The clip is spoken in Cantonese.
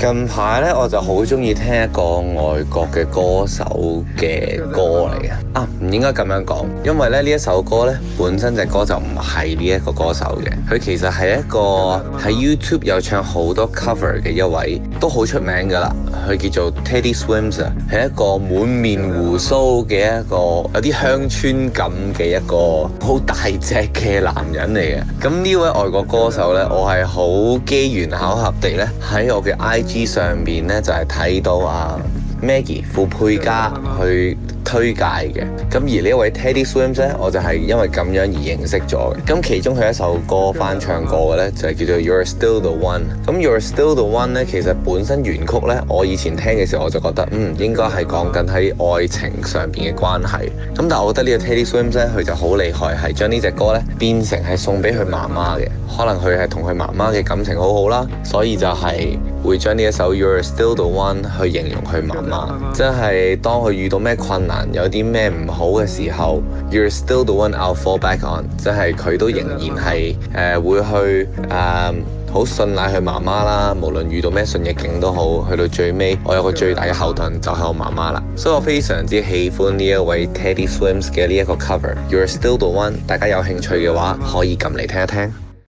近排呢，我就好中意聽一個外國嘅歌手嘅歌嚟嘅。啊，唔應該咁樣講，因為咧呢一首歌咧，本身隻歌就唔係呢一個歌手嘅。佢其實係一個喺 YouTube 有唱好多 cover 嘅一位，都好出名的啦。佢叫做 Teddy Swims 是係一個滿面胡鬚嘅一個有啲鄉村感嘅一個好大隻嘅男人嚟嘅。咁呢位外國歌手咧，我係好機緣巧合地咧喺我嘅 I。上邊呢就係睇到啊 Maggie 傅佩嘉去推介嘅，咁而呢一位 Teddy Swims 呢，我就係因為咁樣而認識咗嘅。咁其中佢一首歌翻唱過嘅呢，就係、是、叫做 You're Still the One。咁 You're Still the One 呢，其實本身原曲呢，我以前聽嘅時候我就覺得，嗯，應該係講緊喺愛情上邊嘅關係。咁但係我覺得呢個 Teddy Swims 呢，佢就好厲害，係將呢隻歌呢變成係送俾佢媽媽嘅。可能佢係同佢媽媽嘅感情好好啦，所以就係、是。會將呢首 You're Still the One 去形容佢媽媽，即係當佢遇到咩困難，有啲咩唔好嘅時候，You're Still the One I'll Fall Back On，即係佢都仍然係、呃、會去誒好、呃、信賴佢媽媽啦，無論遇到咩順逆境都好，去到最尾我有個最大嘅後盾就係我媽媽啦，所以我非常之喜歡呢一位 Teddy Swims 嘅呢一個 cover。You're Still the One，大家有興趣嘅話可以撳嚟聽一聽。